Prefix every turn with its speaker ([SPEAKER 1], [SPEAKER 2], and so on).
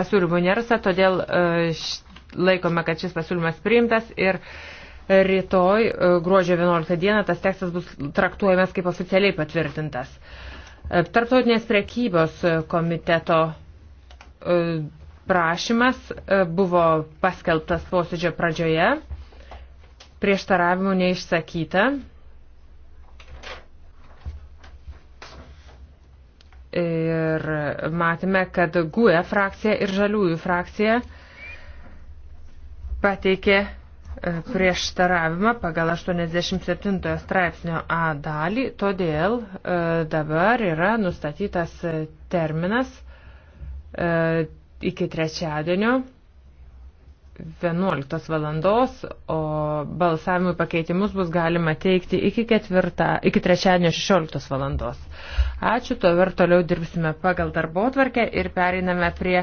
[SPEAKER 1] pasiūlymų nėra, todėl e, laikome, kad šis pasiūlymas priimtas ir rytoj, e, gruodžio 11 dieną, tas tekstas bus traktuojamas kaip oficialiai patvirtintas. E, tarptautinės prekybos komiteto prašymas buvo paskelbtas posėdžio pradžioje, prieštaravimų neišsakyta. Ir matėme, kad GUE frakcija ir Žaliųjų frakcija pateikė e, prieštaravimą pagal 87 straipsnio A dalį, todėl e, dabar yra nustatytas terminas e, iki trečiadienio 11 valandos, o balsavimui pakeitimus bus galima teikti iki, ketvirta, iki trečiadienio 16 valandos. Ačiū, to ir toliau dirbsime pagal darbo tvarkę ir pereiname prie